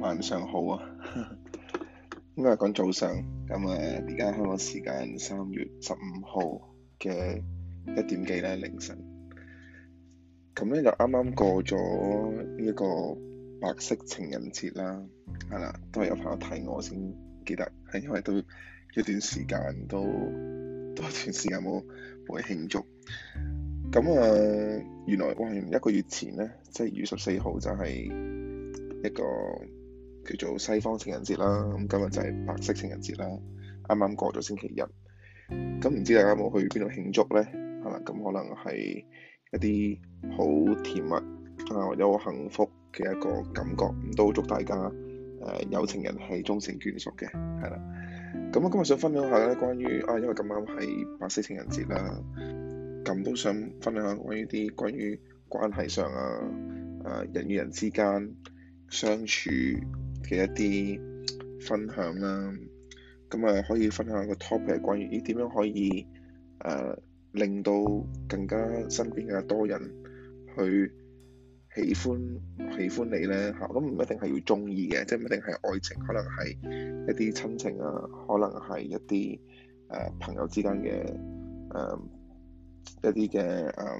晚上好啊，應該係講早上。咁而家香港時間三月十五號嘅一點幾咧凌晨，咁咧就啱啱過咗呢一個白色情人節啦，係啦，都係有朋友睇我先記得，係因為都一，都，都一段時間都都一段時間冇冇去慶祝。咁啊，原來哇，一個月前呢，即係二月十四號就係一個叫做西方情人節啦。咁今日就係白色情人節啦，啱啱過咗星期日。咁唔知大家有冇去邊度慶祝呢？係啦，咁可能係一啲好甜蜜啊，或者好幸福嘅一個感覺。咁都祝大家誒有情人係終成眷屬嘅，係啦。咁我今日想分享下咧，關於啊，因為咁啱係白色情人節啦。咁都想分享關於啲關於關係上啊，誒人與人之間相處嘅一啲分享啦、啊。咁啊可以分享一個 topic 係關於咦點樣可以誒、呃、令到更加身邊嘅多人去喜歡喜歡你咧嚇？咁唔一定係要中意嘅，即係唔一定係愛情，可能係一啲親情啊，可能係一啲誒、呃、朋友之間嘅誒。呃一啲嘅誒，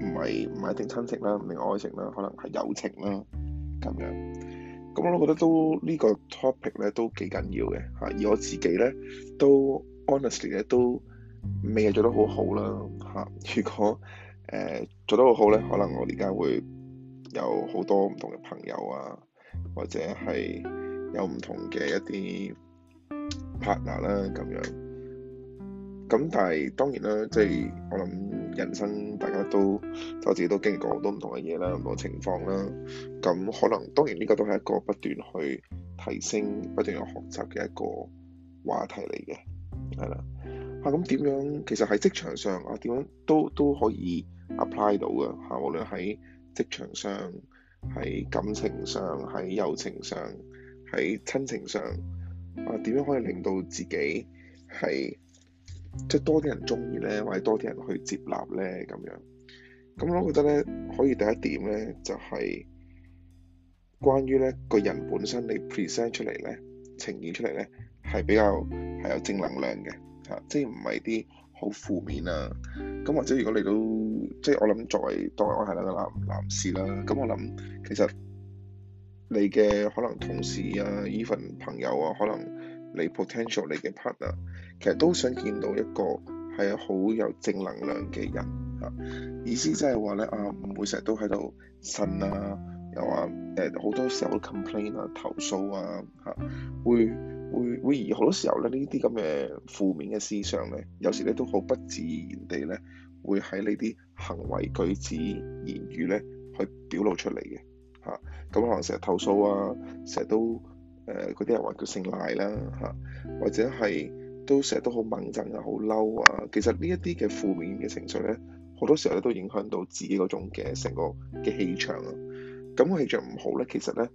唔係唔係一定親情啦，唔定愛情啦，可能係友情啦，咁樣。咁我都覺得都呢、呢個 topic 咧都幾緊要嘅嚇，而我自己咧都 honestly 咧都未係做得好好啦嚇。如果誒、呃、做得好好咧，可能我而家會有好多唔同嘅朋友啊，或者係有唔同嘅一啲 partner 啦咁樣。咁但係當然啦，即係我諗人生大家都，我自己都經歷過好多唔同嘅嘢啦，唔同嘅情況啦。咁可能當然呢個都係一個不斷去提升、不斷去學習嘅一個話題嚟嘅，係啦。嚇咁點樣？其實喺職場上啊，點樣都都可以 apply 到嘅嚇。無論喺職場上、喺感情上、喺友情上、喺親情上啊，點樣可以令到自己係～即係多啲人中意咧，或者多啲人去接納咧，咁樣。咁我覺得咧，可以第一點咧，就係、是、關於咧個人本身你 present 出嚟咧，呈現出嚟咧，係比較係有正能量嘅，嚇、啊，即係唔係啲好負面啊。咁或者如果你都即係我諗作為當我係兩個男男士啦，咁我諗其實你嘅可能同事啊，even 朋友啊，可能。你 potential 你嘅 partner，其實都想見到一個係好有正能量嘅人嚇，意思即係話咧啊，唔會成日都喺度呻啊，又話誒好多時候都 complain 啊，投訴啊嚇，會會會而好多時候咧呢啲咁嘅負面嘅思想咧，有時咧都好不自然地咧會喺你啲行為舉止言語咧去表露出嚟嘅嚇，咁、啊、可能成日投訴啊，成日都。誒嗰啲人話叫姓賴啦嚇，或者係都成日都好掹憎啊，好嬲啊。其實呢一啲嘅負面嘅情緒咧，好多時候咧都影響到自己嗰種嘅成個嘅氣場啊。咁個氣場唔好咧，其實咧，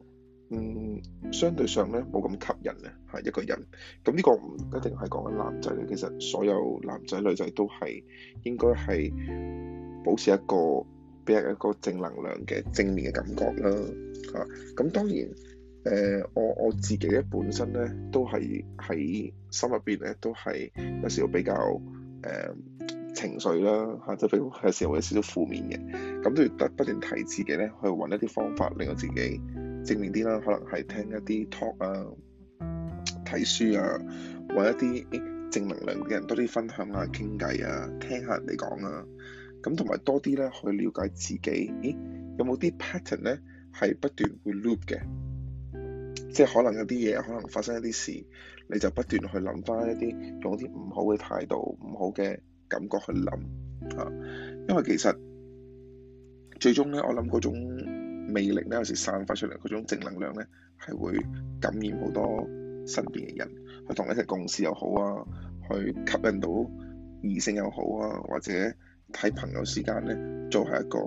嗯，相對上咧冇咁吸引啊，嚇一個人。咁呢個唔一定係講緊男仔，其實所有男仔女仔都係應該係保持一個俾人一個正能量嘅正面嘅感覺啦。嚇，咁當然。誒、呃，我我自己咧本身咧都係喺心入邊咧都係有時會比較誒、呃、情緒啦嚇、啊，就譬如有時候會有少少負面嘅，咁都要不不斷提自己咧去揾一啲方法令到自己正面啲啦。可能係聽一啲 talk 啊、睇書啊，揾一啲正能量嘅人多啲分享啊、傾偈啊、聽下人哋講啊，咁同埋多啲咧去了解自己，咦有冇啲 pattern 咧係不斷會 loop 嘅？即係可能有啲嘢，可能發生一啲事，你就不斷去諗返一啲用啲唔好嘅態度、唔好嘅感覺去諗啊。因為其實最終咧，我諗嗰種魅力咧，有時散發出嚟嗰種正能量咧，係會感染好多身邊嘅人，去同你一齊共事又好啊，去吸引到異性又好啊，或者喺朋友之間咧做係一個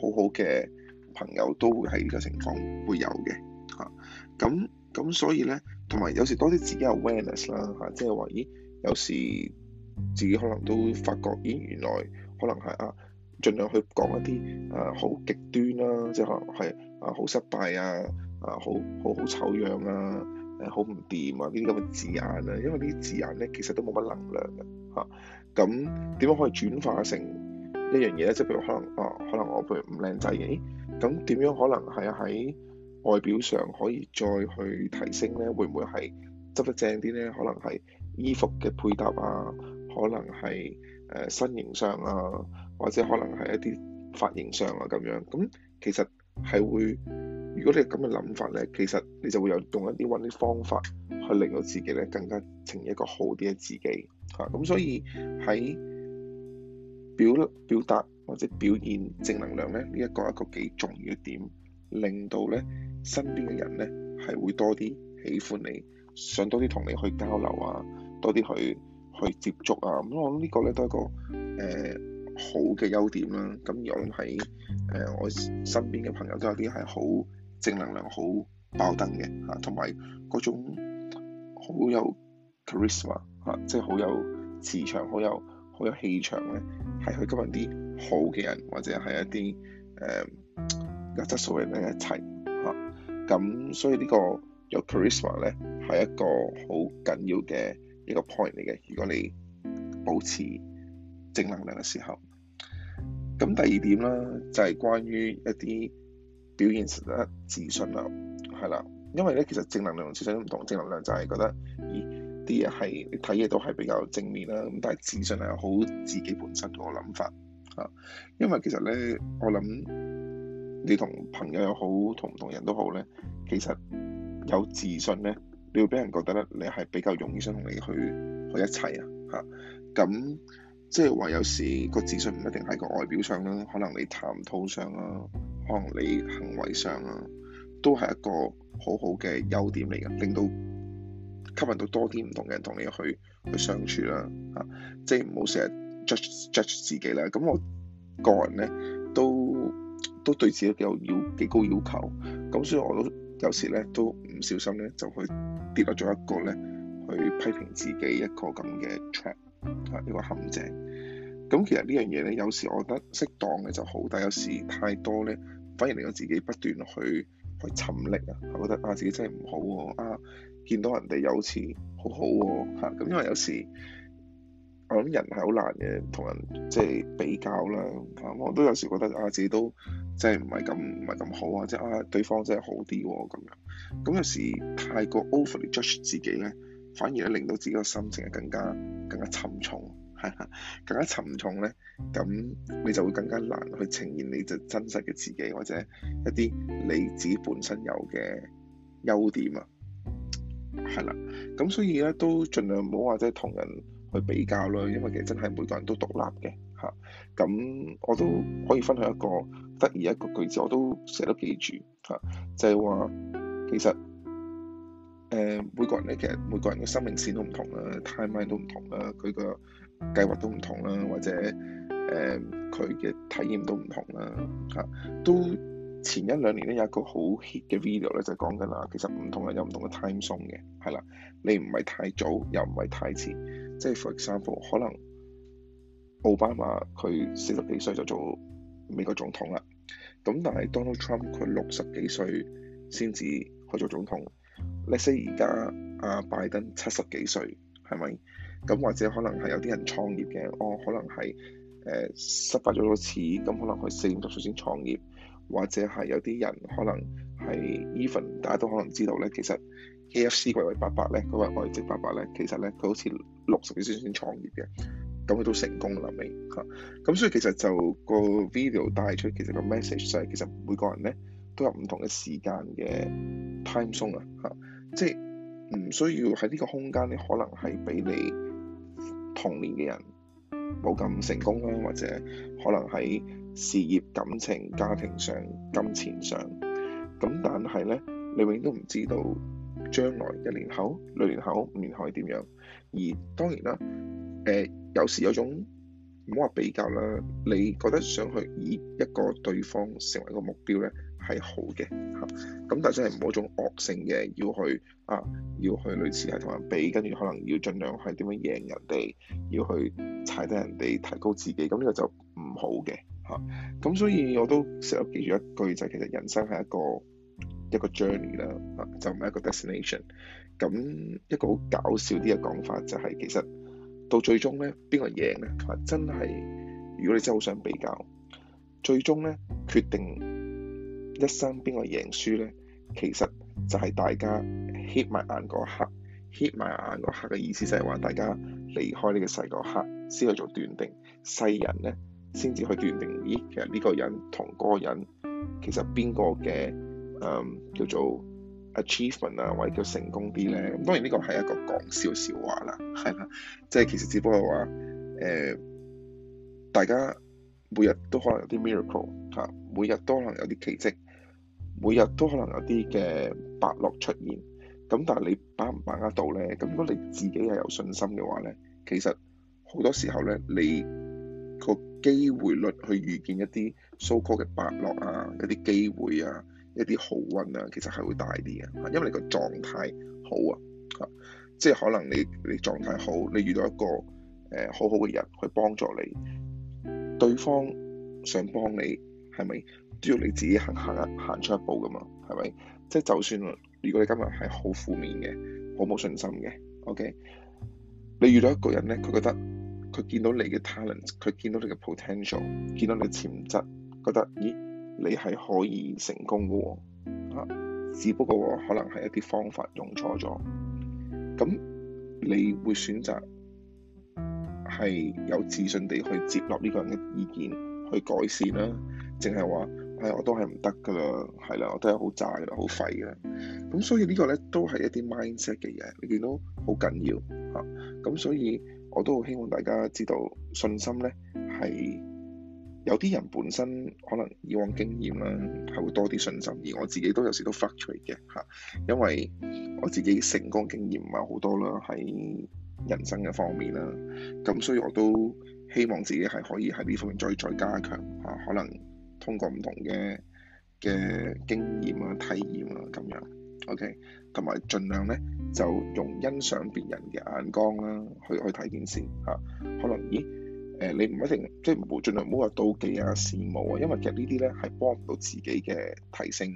好好嘅朋友，都會係呢個情況會有嘅。咁咁所以咧，同埋有，有時多啲自己 awareness 啦嚇，即係話，咦，有時自己可能都會發覺，咦，原來可能係啊，儘量去講一啲啊好極端啦，即係可能係啊好失敗啊，啊好好好醜樣啊，誒好唔掂啊，呢啲咁嘅字眼啊，因為呢啲字眼咧其實都冇乜能量嘅嚇。咁、啊、點樣可以轉化成一樣嘢咧？即係譬如可能啊，可能我譬如唔靚仔嘅，咦，咁點樣可能係喺？外表上可以再去提升呢，會唔會係執得正啲呢？可能係衣服嘅配搭啊，可能係誒身形上啊，或者可能係一啲髮型上啊咁樣。咁其實，係會如果你咁嘅諗法呢，其實你就會有用一啲揾啲方法去令到自己呢，更加成一個好啲嘅自己嚇。咁、啊、所以喺表表達或者表現正能量呢，呢一個一個幾重要嘅點。令到咧身邊嘅人咧係會多啲喜歡你，想多啲同你去交流啊，多啲去去接觸啊。咁我諗呢個咧都係一個誒好嘅優點啦。咁而我諗喺誒我身邊嘅朋友都有啲係好正能量、好爆燈嘅嚇，同埋嗰種好有 charisma 嚇、啊，即係好有磁場、好有好有氣場咧，係去吸引啲好嘅人，或者係一啲誒。呃質素嘅一齊嚇，咁、啊、所以個呢個有 charisma 咧係一個好緊要嘅一個 point 嚟嘅。如果你保持正能量嘅時候，咁第二點啦，就係、是、關於一啲表現時得自信啦，係啦，因為咧其實正能量同自信都唔同，正能量就係覺得，咦啲嘢係你睇嘢都係比較正面啦，咁但係自信係好自己本身個諗法嚇、啊，因為其實咧我諗。你同朋友又好，同唔同人都好咧，其實有自信咧，你要俾人覺得咧，你係比較容易想同你去去一齊啊嚇。咁即係話有時個自信唔一定係個外表上啦，可能你談吐上啦，可能你行為上啦，都係一個好好嘅優點嚟嘅，令到吸引到多啲唔同嘅人同你去去相處啦嚇。即係唔好成日 judge judge 自己啦。咁我個人咧都～都對自己有要幾高要求，咁所以我都有時咧都唔小心咧就去跌落咗一個咧去批評自己一個咁嘅 trap 嚇，一個陷阱。咁其實這件事呢樣嘢咧有時我覺得適當嘅就好，但有時太多咧反而令到自己不斷去去沉溺啊，我覺得啊自己真係唔好喎，啊，啊見到人哋有錢好好喎，啊，咁因為有時。我諗人係好難嘅，同人即係比較啦。啊，我都有時覺得啊，自己都即係唔係咁唔係咁好啊，即係啊對方真係好啲喎咁樣。咁有時太過 overly judge 自己咧，反而咧令到自己個心情係更加更加沉重，係 更加沉重咧，咁你就會更加難去呈現你就真實嘅自己，或者一啲你自己本身有嘅優點啊，係啦。咁所以咧都盡量唔好話即係同人去比較咯，因為其實真係每個人都獨立嘅嚇。咁我都可以分享一個得意一個句子，我都成日都記住嚇，就係話其實誒，每個人咧其實每個人嘅生命線都唔同啦，time line 都唔同啦，佢個計劃都唔同啦，或者誒佢嘅體驗都唔同啦嚇。都前一兩年咧有一個好 hit 嘅 video 咧，就係、是、講緊啦，其實唔同人有唔同嘅 time zone 嘅，係啦，你唔係太早又唔係太遲。即係 for example，可能奧巴馬佢四十幾歲就做美國總統啦，咁但係 Donald Trump 佢六十幾歲先至去做總統。lest 而家阿拜登七十幾歲，係咪？咁或者可能係有啲人創業嘅，哦，可能係誒、呃、失敗咗多次，咁可能佢四五十歲先創業，或者係有啲人可能係 even 大家都可能知道咧，其實。A.F.C. 櫃位伯伯咧，嗰日我係值伯伯咧。其實咧，佢好似六十幾歲先創業嘅，咁佢都成功啦。尾嚇咁，所以其實就個 video 帶出其實個 message 就係、是、其實每個人咧都有唔同嘅時間嘅 time zone 啊嚇，即係唔需要喺呢個空間你可能係比你同年嘅人冇咁成功啦，或者可能喺事業、感情、家庭上、金錢上咁，但係咧你永遠都唔知道。將來一年後、兩年後、五年後會點樣？而當然啦，誒、呃，有時有一種唔好話比較啦，你覺得想去以一個對方成為一個目標咧，係好嘅吓。咁、嗯、但係真係唔好種惡性嘅要去啊，要去類似係同人比，跟住可能要盡量係點樣贏人哋，要去踩低人哋，提高自己。咁、嗯、呢、這個就唔好嘅吓。咁、嗯嗯、所以我都成日記住一句就係、是，其實人生係一個。一個 journey 啦，就唔係一個 destination。咁一個好搞笑啲嘅講法就係，其實到最終呢，邊個贏呢？啊，真係如果你真係好想比較，最終呢，決定一生邊個贏輸呢？其實就係大家 hit 埋眼嗰刻 ，hit 埋眼嗰刻嘅意思就係話大家離開呢個世嗰刻先去做斷定，世人呢，先至去斷定，咦，其實呢個人同嗰個人其實邊個嘅？Um, 叫做 achievement 啊，或者叫成功啲咧。咁當然呢個係一個講笑笑話啦，係啦。即係其實只不過話，誒、呃，大家每日都可能有啲 miracle 吓，每日都可能有啲奇蹟，每日都可能有啲嘅伯樂出現，咁但係你把握唔把握得到咧？咁如果你自己係有信心嘅話咧，其實好多時候咧，你個機會率去遇見一啲 so called 嘅伯樂啊，一啲機會啊。一啲好運啊，其實係會大啲嘅，因為你個狀態好啊，嚇，即係可能你你狀態好，你遇到一個誒、呃、好好嘅人去幫助你，對方想幫你係咪都要你自己行行一行出一步㗎嘛，係咪？即係就算如果你今日係好負面嘅，好冇信心嘅，OK，你遇到一個人咧，佢覺得佢見到你嘅 talent，佢見到你嘅 potential，見到你嘅潛質，覺得咦？你係可以成功嘅喎，只不過可能係一啲方法用錯咗，咁你會選擇係有自信地去接納呢個人嘅意見去改善啦，淨係話誒，我都係唔得㗎，係啦，我都係好渣㗎，好廢㗎，咁所以呢個咧都係一啲 mindset 嘅嘢，你見到好緊要嚇，咁所以我都好希望大家知道信心咧係。是有啲人本身可能以往經驗啦，係會多啲信心。而我自己都有時都 frustrate 嘅嚇，因為我自己成功經驗唔係好多啦，喺人生嘅方面啦。咁所以我都希望自己係可以喺呢方面再再加強嚇，可能通過唔同嘅嘅經驗啊、體驗啊咁樣。OK，同埋盡量呢就用欣賞別人嘅眼光啦，去去睇件事嚇。可能咦？誒，你唔一定，即係唔好盡量唔好話妒忌啊、羨慕啊，因為其實呢啲咧係幫唔到自己嘅提升。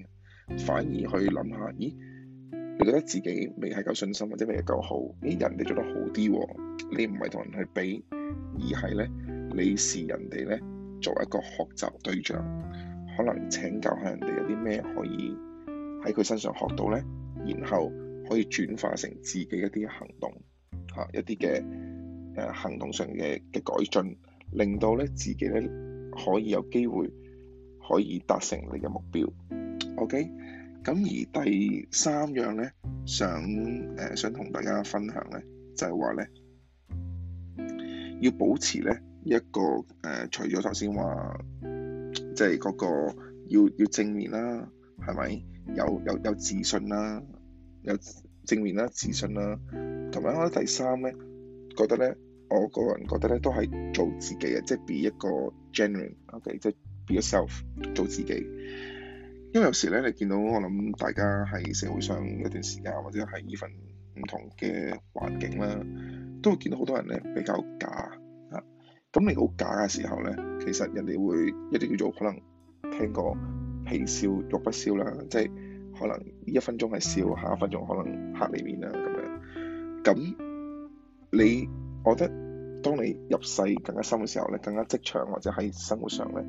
反而去諗下，咦，你覺得自己未係夠信心，或者未夠好，咦，人哋做得好啲喎、啊，你唔係同人去比，而係咧，你視人哋咧作為一個學習對象，可能請教下人哋有啲咩可以喺佢身上學到咧，然後可以轉化成自己一啲行動，嚇、啊，一啲嘅。誒行動上嘅嘅改進，令到咧自己咧可以有機會可以達成你嘅目標。OK，咁而第三樣咧想誒、呃、想同大家分享咧，就係話咧要保持咧一個誒、呃，除咗頭先話即係嗰個要要正面啦、啊，係咪有有有自信啦、啊，有正面啦、啊，自信啦、啊，同埋我覺得第三咧。覺得咧，我個人覺得咧，都係做自己嘅，即係 be 一個 genuine，OK，即係 be yourself，做自己。因為有時咧，你見到我諗大家喺社會上一段時間，或者係依份唔同嘅環境啦，都會見到好多人咧比較假啊。咁你好假嘅時候咧，其實人哋會一啲叫做可能聽過皮笑肉不笑啦，即係可能一分鐘係笑，下一分鐘可能黑裏面啦咁樣。咁你，我覺得當你入世更加深嘅時候咧，更加職場或者喺生活上咧，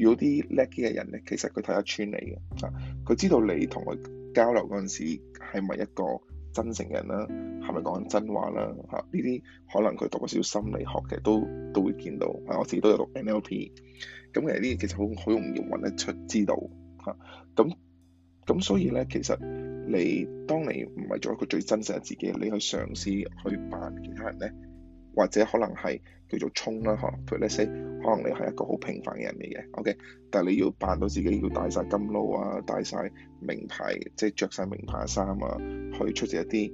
如果啲叻啲嘅人咧，其實佢睇得穿你嘅，嚇佢知道你同佢交流嗰陣時係咪一個真誠嘅人啦，係咪講真話啦，嚇呢啲可能佢讀過少心理學嘅都都會見到，嚇我自己都有讀 NLP，咁其實呢啲其實好好容易搵得出，知道，嚇咁咁所以咧其實。你當你唔係做一個最真實嘅自己，你去嘗試去扮其他人咧，或者可能係叫做充啦，可能譬如你可能你係一個好平凡嘅人嚟嘅，ok，但係你要扮到自己要戴晒金勞啊，戴晒名牌，即係著晒名牌衫啊，去出席一啲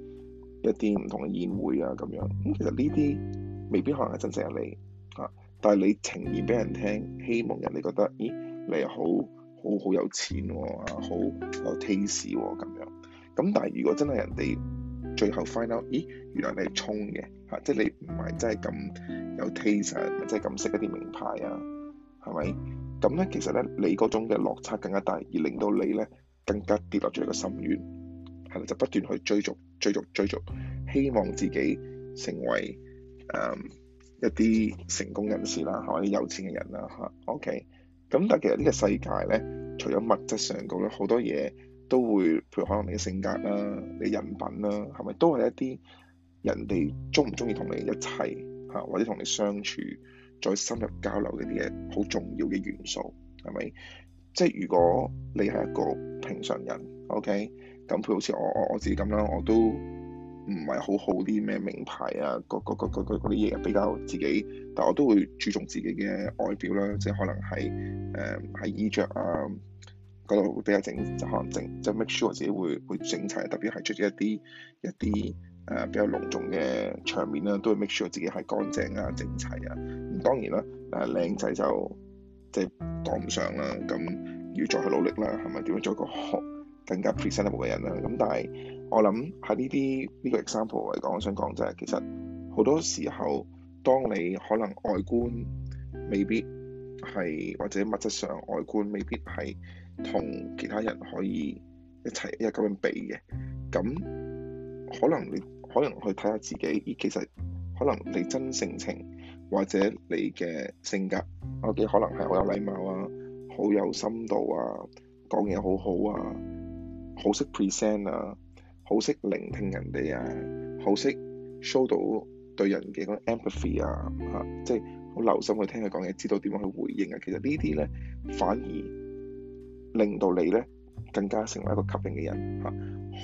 一啲唔同嘅宴會啊咁樣。咁、嗯、其實呢啲未必可能係真實嘅你嚇、啊，但係你呈現俾人聽，希望人哋覺得，咦，你好好好有錢喎、啊，好有 taste 喎、啊、咁樣。咁但係如果真係人哋最後 find out，咦，原來你係充嘅嚇，即係你唔係真係咁有 taste，唔係真係咁識一啲名牌啊，係咪？咁咧其實咧你嗰種嘅落差更加大，而令到你咧更加跌落咗一個深淵，係啦，就不斷去追逐、追逐、追逐，希望自己成為誒、呃、一啲成功人士啦，嚇，啲有錢嘅人啦，嚇，OK。咁但係其實呢個世界咧，除咗物質上講咧，好多嘢。都會，譬如可能你嘅性格啦、你人品啦，係咪都係一啲人哋鍾唔鍾意同你一齊啊，或者同你相處、再深入交流嘅啲嘢，好重要嘅元素，係咪？即係如果你係一個平常人，OK，咁譬如好似我我，我自己咁啦，我都唔係好好啲咩名牌啊，嗰啲嘢比較自己，但我都會注重自己嘅外表啦，即係可能係誒係衣着啊。嗰度會比較整，就可能整就 make sure 自己會會整齊。特別係出一啲一啲誒比較隆重嘅場面啦，都會 make sure 自己係乾淨啊、整齊啊。咁當然啦，誒靚仔就即係當唔上啦。咁要再去努力啦，係咪點樣做一個更加 presentable 嘅人啦？咁但係我諗喺呢啲呢個 example 嚟講，我想講就係其實好多時候，當你可能外觀未必係或者物質上外觀未必係。同其他人可以一齊一咁樣比嘅，咁可能你可能去睇下自己。其實可能你真性情或者你嘅性格，我嘅可能係好有禮貌啊，好有深度啊，講嘢好好啊，好識 present 啊，好識聆聽人哋啊，好識 show 到對人嘅嗰種 empathy 啊，嚇即係好留心去聽佢講嘢，知道點樣去回應啊。其實這些呢啲咧反而～令到你咧更加成為一個吸引嘅人嚇、啊，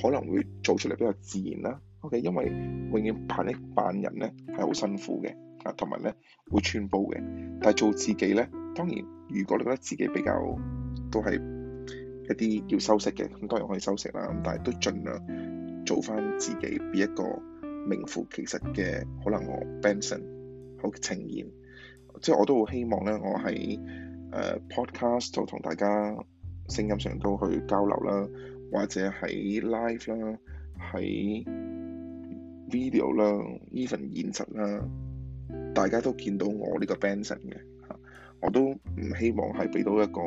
可能會做出嚟比較自然啦。O.K.，、啊、因為永遠扮一扮人咧係好辛苦嘅啊，同埋咧會穿煲嘅。但係做自己咧，當然如果你覺得自己比較都係一啲要修飾嘅，咁當然可以修飾啦。咁但係都盡量做返自己，畀一個名副其實嘅可能我 Benson 好呈現，即、就、係、是、我都好希望咧，我喺誒、呃、podcast 度同大家。聲音上都去交流啦，或者喺 live 啦，喺 video 啦，even 現實啦，大家都見到我呢個 Benson 嘅嚇，我都唔希望係俾到一個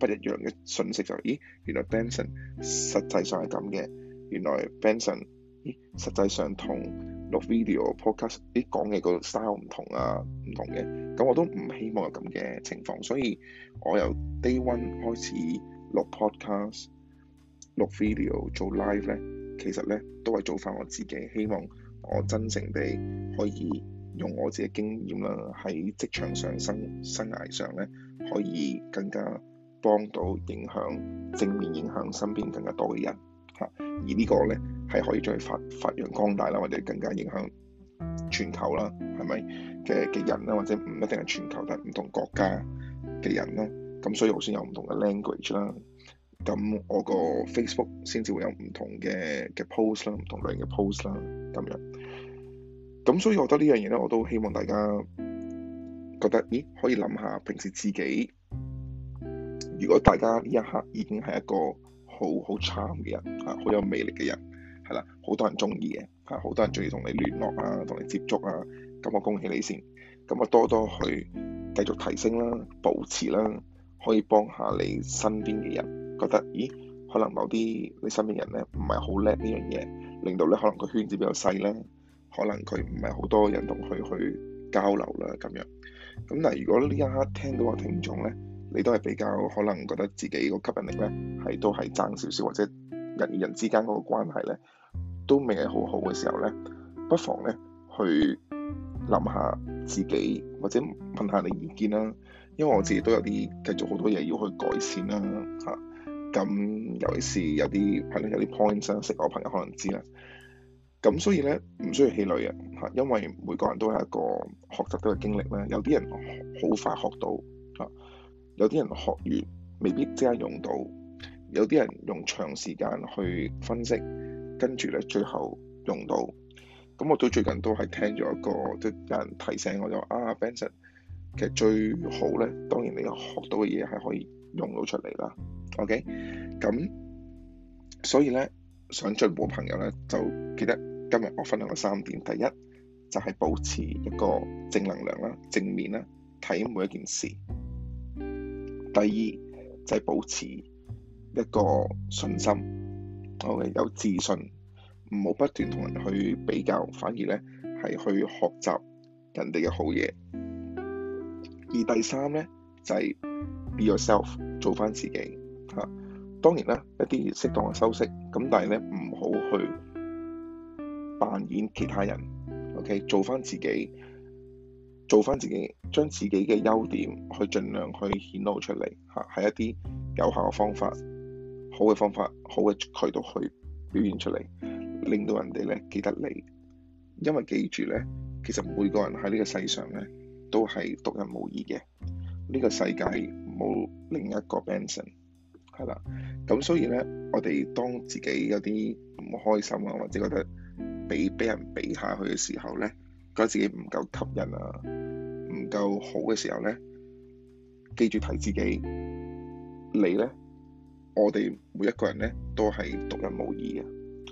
不一樣嘅訊息就係，咦，原來 Benson 實際上係咁嘅，原來 Benson 咦，實際上同，錄 video、podcast 啲講嘅個 style 唔同啊，唔同嘅，咁我都唔希望有咁嘅情況，所以我由 day one 開始錄 podcast、錄 video 做 live 咧，其實咧都係做返我自己，希望我真正地可以用我自己嘅經驗啦，喺職場上、生生涯上咧，可以更加幫到、影響正面影響身邊更加多嘅人嚇，而呢個咧～係可以再發發揚光大啦，或者更加影響全球啦，係咪嘅嘅人啦，或者唔一定係全球，但係唔同國家嘅人咧。咁所以先有唔同嘅 language 啦。咁我個 Facebook 先至會有唔同嘅嘅 post 啦，唔同類型嘅 post 啦，咁樣。咁所以，我覺得呢樣嘢咧，我都希望大家覺得咦，可以諗下平時自己。如果大家呢一刻已經係一個好好 charm 嘅人啊，好有魅力嘅人。好多人中意嘅，係好多人中意同你聯絡啊，同你接觸啊，咁我恭喜你先，咁我多多去繼續提升啦，保持啦，可以幫下你身邊嘅人，覺得咦，可能某啲你身邊人咧唔係好叻呢樣嘢，令到咧可能個圈子比較細啦，可能佢唔係好多人同佢去交流啦咁樣。咁但係，如果呢一刻聽到嘅聽眾咧，你都係比較可能覺得自己個吸引力咧係都係爭少少，或者人與人之間嗰個關係咧，都未係好好嘅時候呢，不妨呢去諗下自己，或者問下你意見啦。因為我自己都有啲繼續好多嘢要去改善啦，嚇、啊。咁尤其是有啲係咯，有啲 point 啊，識我朋友可能知啦。咁、啊、所以呢，唔需要氣餒嘅嚇、啊，因為每個人都係一個學習都嘅經歷啦。有啲人好快學到嚇、啊，有啲人學完未必即刻用到，有啲人用長時間去分析。跟住咧，最後用到，咁我都最近都係聽咗一個，都有人提醒我，就話啊，Vincent，其實最好咧，當然你學到嘅嘢係可以用到出嚟啦，OK，咁所以咧，想進步嘅朋友咧，就記得今日我分享嘅三點，第一就係保持一個正能量啦，正面啦，睇每一件事；第二就係保持一個信心。OK，有自信，唔好不斷同人去比較，反而咧係去學習人哋嘅好嘢。而第三咧就係、是、be yourself，做翻自己吓、啊。當然啦，一啲適當嘅修飾，咁但係咧唔好去扮演其他人。OK，做翻自己，做翻自己，將自己嘅優點去盡量去顯露出嚟吓，係、啊、一啲有效嘅方法。好嘅方法，好嘅渠道去表現出嚟，令到人哋咧記得你。因為記住咧，其實每個人喺呢個世上咧都係獨一無二嘅，呢個世界冇另一個 Benson，係啦。咁所以咧，我哋當自己有啲唔開心啊，或者覺得俾俾人比下去嘅時候咧，覺得自己唔夠吸引啊，唔夠好嘅時候咧，記住提自己，你咧。我哋每一個人咧都係獨一無二嘅，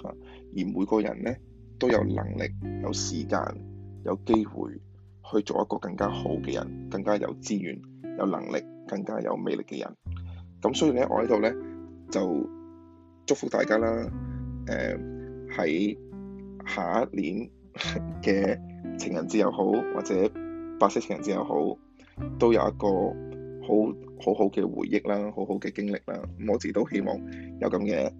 啊，而每個人咧都有能力、有時間、有機會去做一個更加好嘅人、更加有資源、有能力、更加有魅力嘅人。咁所以咧，我呢度咧就祝福大家啦，誒、啊、喺下一年嘅情人節又好，或者白色情人節又好，都有一個好好好嘅回憶啦，好好嘅經歷啦。我自己都希望有咁嘅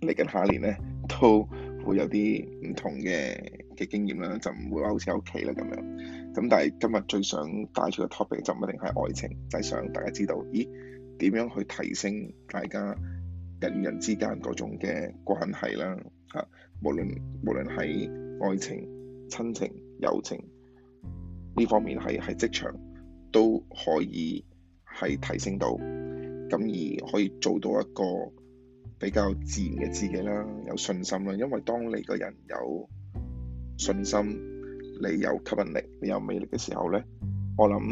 嚟緊下年咧，都會有啲唔同嘅嘅經驗啦，就唔會話好似屋企啦咁樣。咁但係今日最想帶出嘅 topic 就唔一定係愛情，就係想大家知道，咦點樣去提升大家人與人之間嗰種嘅關係啦？嚇，無論無論喺愛情、親情、友情呢方面係係職場都可以。係提升到，咁而可以做到一個比較自然嘅自己啦，有信心啦。因為當你個人有信心，你有吸引力，你有魅力嘅時候咧，我諗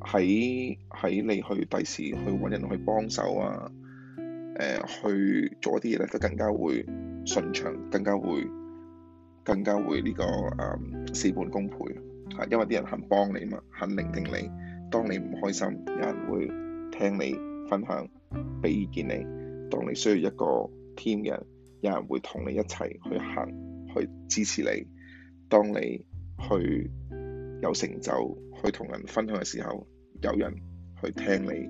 喺喺你去第時去揾人去幫手啊，誒、呃、去做一啲嘢咧，都更加會順暢，更加會更加會呢、這個誒嗯、事半功倍、啊、因為啲人肯幫你嘛，肯聆聽你。當你唔開心，有人會聽你分享，俾意見你；當你需要一個 team 嘅人，有人會同你一齊去行，去支持你。當你去有成就，去同人分享嘅時候，有人去聽你，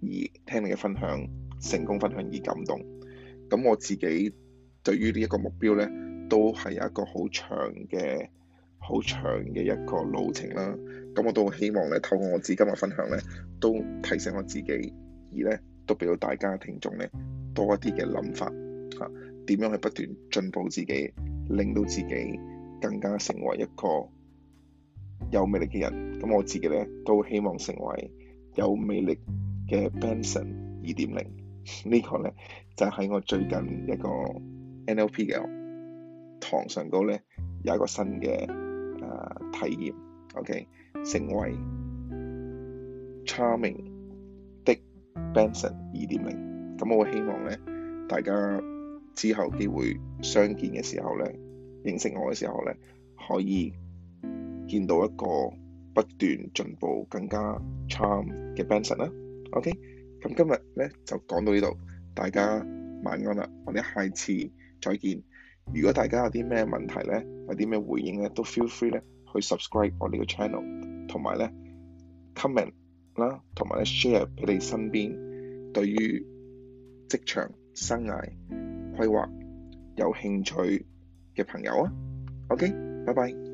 而聽你嘅分享成功分享而感動。咁我自己對於呢一個目標呢，都係有一個好長嘅、好長嘅一個路程啦。咁我都希望咧，透過我至今嘅分享咧，都提醒我自己，而咧都俾到大家聽眾咧多一啲嘅諗法嚇，點樣去不斷進步自己，令到自己更加成為一個有魅力嘅人。咁我自己咧都希望成為有魅力嘅 Benson 二點零。呢個咧就係喺我最近一個 NLP 嘅堂上高咧有一個新嘅誒、呃、體驗。OK。成為 charming 的 Benson 二點零。咁，我希望咧大家之後機會相見嘅時候咧，認識我嘅時候咧，可以見到一個不斷進步、更加 charm 嘅 Benson 啦。OK，咁今日咧就講到呢度，大家晚安啦，我哋下次再見。如果大家有啲咩問題咧，有啲咩回應咧，都 feel free 咧去 subscribe 我呢個 channel。同埋咧，comment 啦，同埋咧 share 俾你身邊對於職場生涯規劃有興趣嘅朋友啊，OK，拜拜。